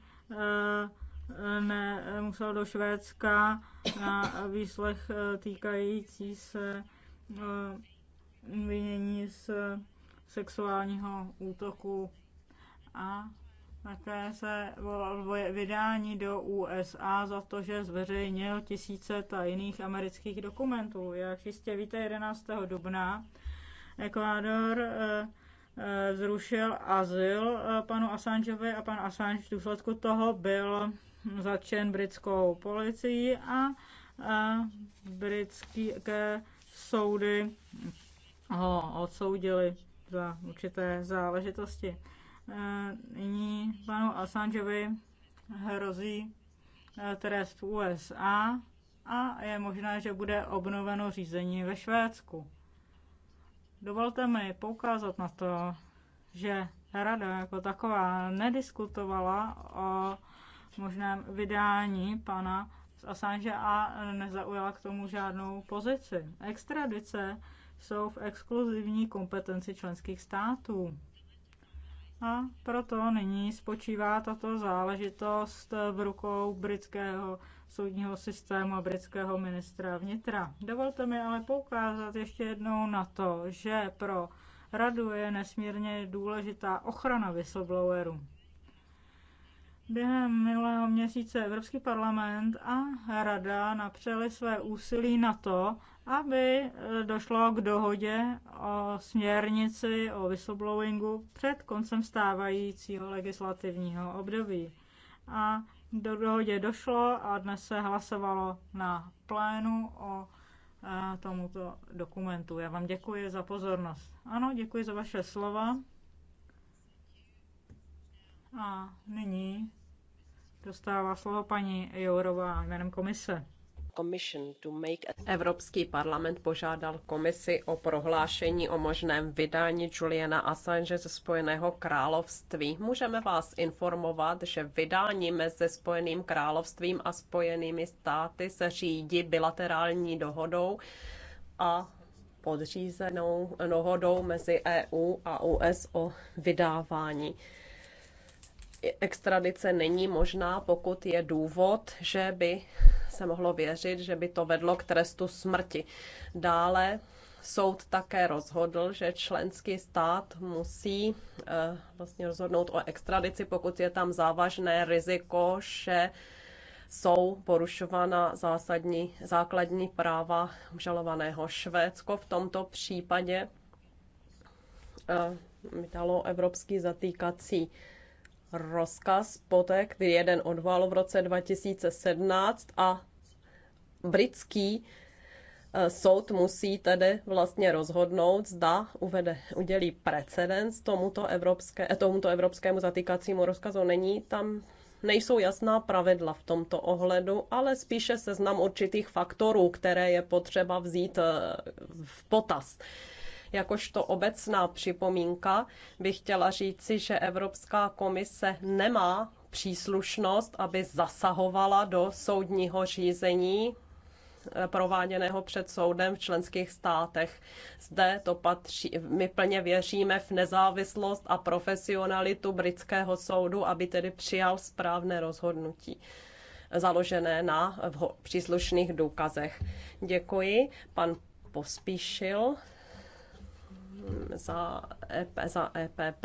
eh, ne, musel do Švédska na výslech eh, týkající se eh, vinění z sexuálního útoku a také se volal vydání do USA za to, že zveřejnil tisíce tajných amerických dokumentů. Jak jistě víte, 11. dubna Ekvádor eh, eh, zrušil azyl eh, panu Assangeovi a pan Assange v důsledku toho byl zatčen britskou policií a britské soudy ho odsoudili za určité záležitosti. Eh, nyní panu Assangeovi hrozí eh, trest v USA a je možné, že bude obnoveno řízení ve Švédsku. Dovolte mi poukázat na to, že rada jako taková nediskutovala o možném vydání pana Assange a nezaujala k tomu žádnou pozici. Extradice jsou v exkluzivní kompetenci členských států. A proto nyní spočívá tato záležitost v rukou britského soudního systému a britského ministra vnitra. Dovolte mi ale poukázat ještě jednou na to, že pro radu je nesmírně důležitá ochrana whistleblowerů. Během minulého měsíce Evropský parlament a Rada napřeli své úsilí na to, aby eh, došlo k dohodě o směrnici o whistleblowingu před koncem stávajícího legislativního období. A do dohodě došlo a dnes se hlasovalo na plénu o eh, tomuto dokumentu. Já vám děkuji za pozornost. Ano, děkuji za vaše slova. A nyní dostává slovo paní Jourová jménem komise. Evropský parlament požádal komisi o prohlášení o možném vydání Juliana Assange ze Spojeného království. Můžeme vás informovat, že vydání mezi Spojeným královstvím a Spojenými státy se řídí bilaterální dohodou a podřízenou dohodou mezi EU a US o vydávání extradice není možná, pokud je důvod, že by se mohlo věřit, že by to vedlo k trestu smrti. Dále soud také rozhodl, že členský stát musí eh, vlastně rozhodnout o extradici, pokud je tam závažné riziko, že jsou porušována zásadní, základní práva žalovaného Švédsko. V tomto případě eh, vydalo evropský zatýkací rozkaz poté, kdy jeden odval v roce 2017 a britský eh, soud musí tedy vlastně rozhodnout, zda uvede, udělí precedens tomuto, evropské, eh, tomuto evropskému zatýkacímu rozkazu. Není tam nejsou jasná pravidla v tomto ohledu, ale spíše seznam určitých faktorů, které je potřeba vzít eh, v potaz. Jakožto obecná připomínka bych chtěla říci, že Evropská komise nemá příslušnost, aby zasahovala do soudního řízení prováděného před soudem v členských státech. Zde to patří, my plně věříme v nezávislost a profesionalitu britského soudu, aby tedy přijal správné rozhodnutí založené na příslušných důkazech. Děkuji. Pan Pospíšil za, EP, za EPP.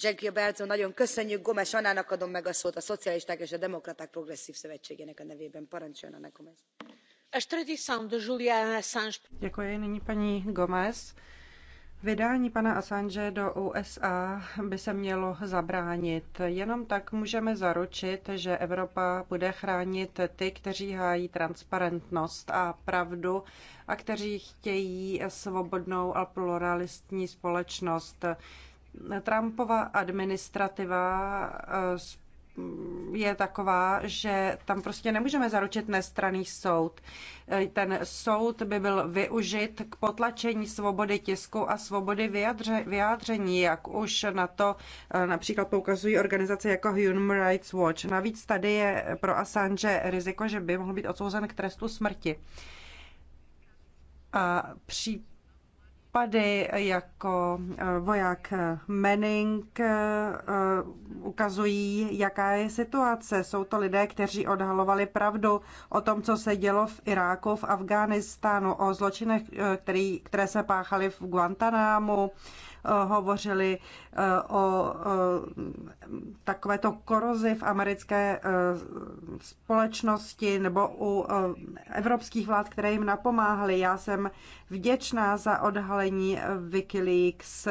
Děkuji, nyní paní Gomez. Vydání pana Assange do USA by se mělo zabránit. Jenom tak můžeme zaručit, že Evropa bude chránit ty, kteří hájí transparentnost a pravdu a kteří chtějí svobodnou a pluralistní společnost. Trumpova administrativa eh, je taková, že tam prostě nemůžeme zaručit nestraný soud. Eh, ten soud by byl využit k potlačení svobody tisku a svobody vyjadře, vyjádření, jak už na to eh, například poukazují organizace jako Human Rights Watch. Navíc tady je pro Assange riziko, že by mohl být odsouzen k trestu smrti. A případ případy jako eh, voják Manning eh, eh, ukazují, jaká je situace. Jsou to lidé, kteří odhalovali pravdu o tom, co se dělo v Iráku, v Afghánistánu, o zločinech, který, které se páchaly v Guantanámu, Eh, hovořili eh, o eh, takovéto korozi v americké společnosti nebo u evropských vlád, které jim napomáhaly. Já jsem vděčná za odhalení Wikileaks.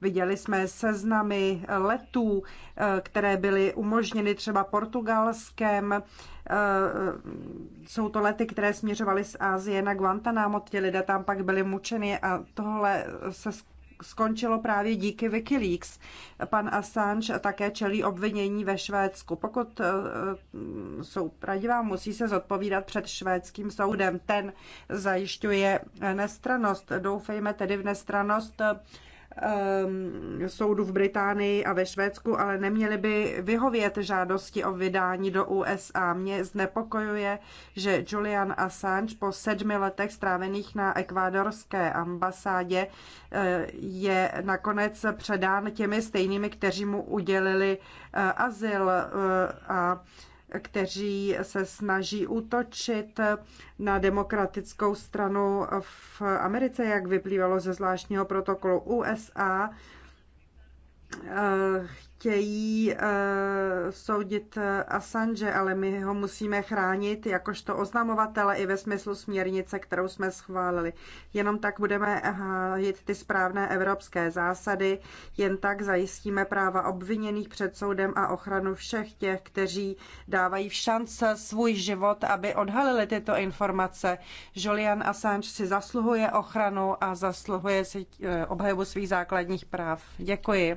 Viděli jsme seznamy letů, které byly umožněny třeba portugalském. Jsou to lety, které směřovaly z Ázie na Guantanamo. Ti lidé tam pak byli mučeni a tohle se skončilo právě díky Wikileaks. Pan Assange také čelí obvinění ve Švédsku. Pokud eh, jsou pravdivá, musí se zodpovídat před švédským soudem. Ten zajišťuje nestranost. Doufejme tedy v nestranost eh, Ehm, soudu v Británii a ve Švédsku, ale neměli by vyhovět žádosti o vydání do USA. Mě znepokojuje, že Julian Assange po sedmi letech strávených na ekvádorské ambasádě eh, je nakonec předán těmi stejnými, kteří mu udělili eh, azyl eh, a kteří se snaží útočit na demokratickou stranu v Americe, jak vyplývalo ze zvláštního protokolu USA. Eh, chtějí uh, soudit eh, Assange, ale my ho musíme chránit jakožto oznamovatele i ve smyslu směrnice, kterou jsme schválili. Jenom tak budeme hájit ty správné evropské zásady, jen tak zajistíme práva obviněných před soudem a ochranu všech těch, kteří dávají v šance svůj život, aby odhalili tyto informace. Julian Assange si zasluhuje ochranu a zasluhuje si eh, obhajobu svých základních práv. Děkuji.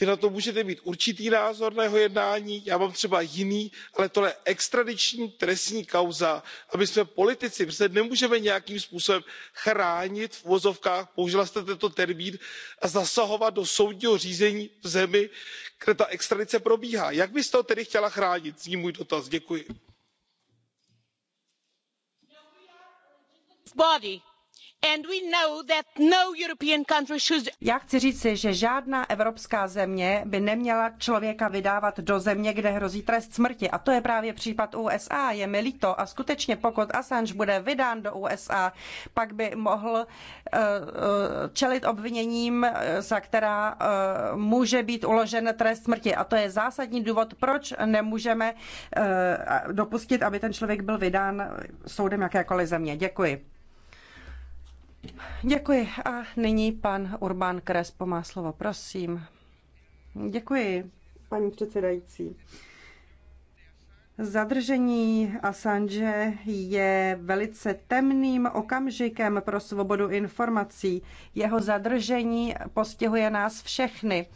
vy na to můžete mít určitý názor na jeho jednání já mám třeba jiný ale tohle je extradiční trestní kauza a my jsme politici přece nemůžeme nějakým způsobem chránit v uvozovkách použila jste tento termín a zasahovat do soudního řízení v zemi kde ta extradice probíhá. jak byste ho tedy chtěla chránit zní můj dotaz. No Já chci říci, že žádná evropská země by neměla člověka vydávat do země, kde hrozí trest smrti. A to je právě případ USA. Je mi líto. A skutečně, pokud Assange bude vydán do USA, pak by mohl eh, eh, čelit obviněním, eh, za která může být uložen trest smrti. A to je zásadní důvod, proč nemůžeme dopustit, aby ten člověk byl vydán soudem jakékoliv země. Děkuji. Děkuji. A nyní pan Urbán Krespo má slovo, prosím. Děkuji, paní předsedající. Zadržení Assange je velice temným okamžikem pro svobodu informací. Jeho zadržení postihuje nás všechny.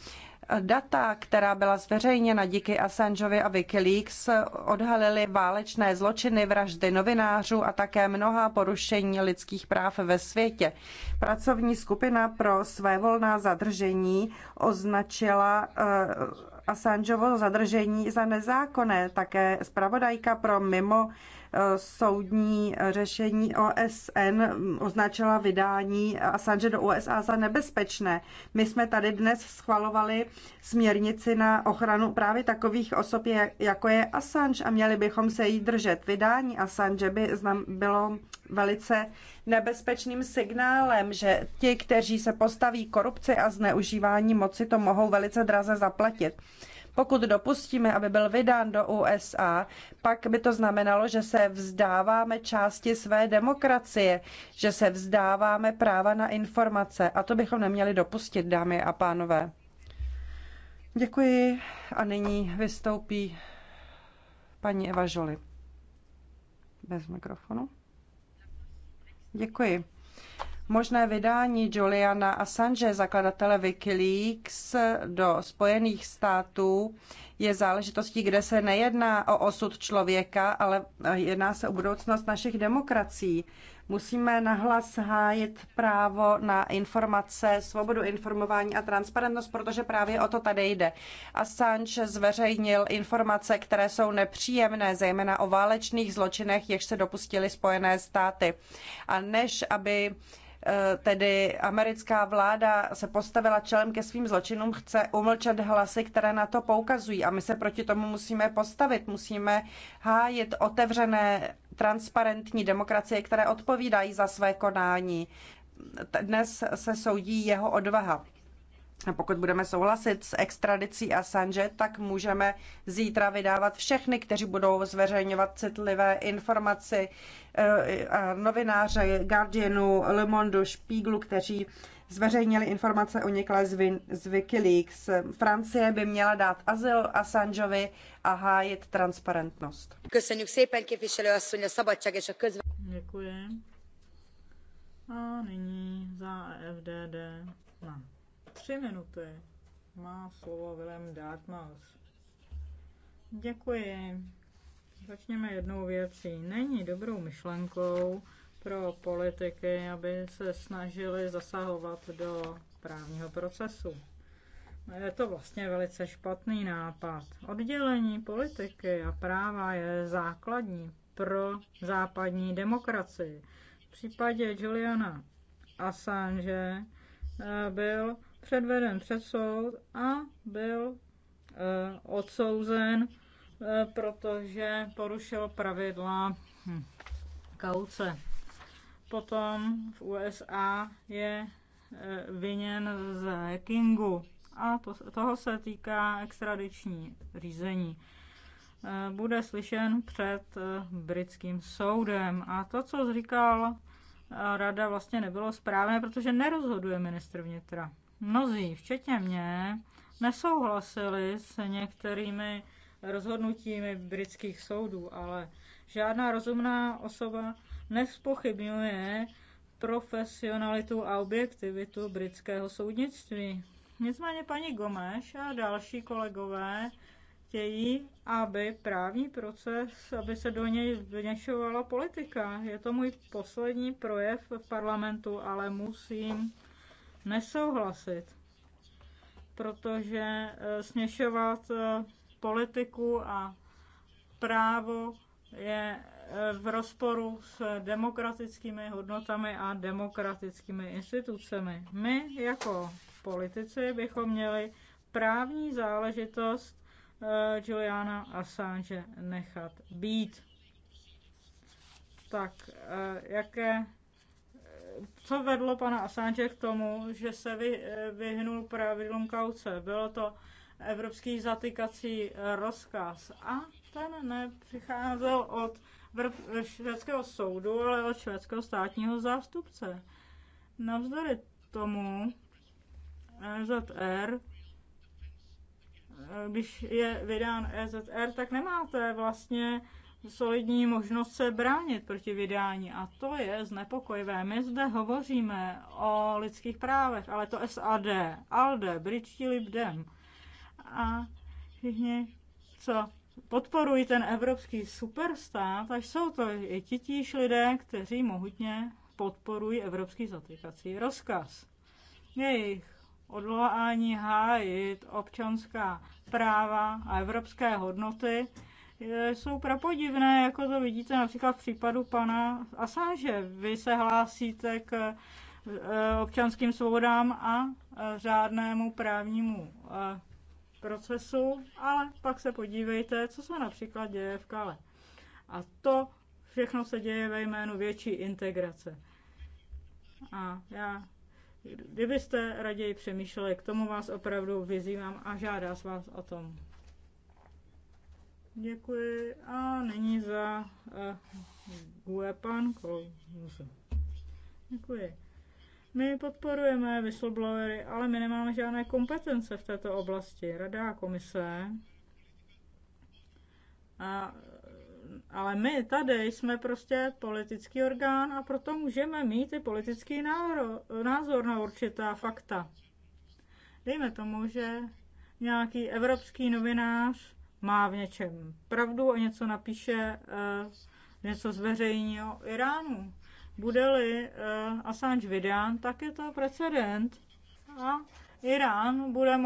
Data, která byla zveřejněna díky Assangeovi a Wikileaks, odhalily válečné zločiny, vraždy novinářů a také mnoha porušení lidských práv ve světě. Pracovní skupina pro svévolná zadržení označila eh, Assangeovo zadržení za nezákonné. Také zpravodajka pro mimo Eh, soudní řešení OSN označila vydání Assange do USA za nebezpečné. My jsme tady dnes schvalovali směrnici na ochranu právě takových osob, jako je Assange a měli bychom se jí držet. Vydání Assange by bylo velice nebezpečným signálem, že ti, kteří se postaví korupci a zneužívání moci, to mohou velice draze zaplatit. Pokud dopustíme, aby byl vydán do USA, pak by to znamenalo, že se vzdáváme části své demokracie, že se vzdáváme práva na informace. A to bychom neměli dopustit, dámy a pánové. Děkuji a nyní vystoupí paní Eva Žoli. Bez mikrofonu. Děkuji. Možné vydání Juliana Assange, zakladatele Wikileaks, do Spojených států je záležitostí, kde se nejedná o osud člověka, ale jedná se o budoucnost našich demokracií. Musíme nahlas hájit právo na informace, svobodu informování a transparentnost, protože právě o to tady jde. Assange zveřejnil informace, které jsou nepříjemné, zejména o válečných zločinech, jež se dopustili Spojené státy. A než aby Eh, tedy americká vláda se postavila čelem ke svým zločinům, chce umlčet hlasy, které na to poukazují. A my se proti tomu musíme postavit, musíme hájit otevřené transparentní demokracie, které odpovídají za své konání. Dnes se soudí jeho odvaha pokud budeme souhlasit s extradicí Assange, tak můžeme zítra vydávat všechny, kteří budou zveřejňovat citlivé informace eh, novináře Guardianu, Le Monde, Spiegelu, kteří zveřejnili informace o Nikle z Wikileaks. Francie by měla dát azyl Assangeovi a hájit transparentnost. Děkuji. A nyní za FDD. Mám tři minuty má slovo Willem Dartmouth. Děkuji. Začněme jednou věcí. Není dobrou myšlenkou pro politiky, aby se snažili zasahovat do právního procesu. Je to vlastně velice špatný nápad. Oddělení politiky a práva je základní pro západní demokracii. V případě Juliana Assange eh, byl předveden před soud a byl eh, odsouzen, eh, protože porušil pravidla hm, kauce. Potom v USA je eh, viněn z hackingu a to, toho se týká extradiční řízení. Bude slyšen před britským soudem a to, co říkal rada, vlastně nebylo správné, protože nerozhoduje ministr vnitra. Mnozí, včetně mě, nesouhlasili s některými rozhodnutími britských soudů, ale žádná rozumná osoba nespochybňuje profesionalitu a objektivitu britského soudnictví. Nicméně paní Gomeš a další kolegové chtějí, aby právní proces, aby se do něj vněšovala politika. Je to můj poslední projev v parlamentu, ale musím nesouhlasit, protože eh, směšovat eh, politiku a právo je eh, v rozporu s demokratickými hodnotami a demokratickými institucemi. My jako politici bychom měli právní záležitost Juliana Assange nechat být. Tak jaké co vedlo pana Assange k tomu, že se vy, eh, vyhnul pravidlům kauce. Bylo to evropský zatykací rozkaz a ten nepřicházel od eh, švédského soudu, ale od švédského státního zástupce. Navzdory tomu EZR, eh, když je vydán EZR, tak nemáte vlastně solidní možnost se bránit proti vydání a to je znepokojivé. My zde hovoříme o lidských právech, ale to SAD, ALDE, britští Libdem a všichni, co podporují ten evropský superstát, až jsou to i titíž lidé, kteří mohutně podporují evropský zatýkací rozkaz. Jejich odvolání hájit občanská práva a evropské hodnoty jsou prapodivné, jako to vidíte například v případu pana Assange. Vy se hlásíte k eh, občanským svobodám a eh, řádnému právnímu eh, procesu, ale pak se podívejte, co se například děje v Kale. A to všechno se děje ve jménu větší integrace. A já, kdybyste raději přemýšleli, k tomu vás opravdu vyzývám a žádá vás o tom. Děkuji a nyní za eh, GUE pan Děkuji. My podporujeme whistleblowery, ale my nemáme žádné kompetence v této oblasti. Rada a komise. A, ale my tady jsme prostě politický orgán a proto můžeme mít i politický náro, názor na určitá fakta. Dejme tomu, že nějaký evropský novinář má v něčem pravdu a něco napíše, eh, něco zveřejní o Iránu. Bude-li eh, Assange vydán, tak je to precedent a Irán bude moct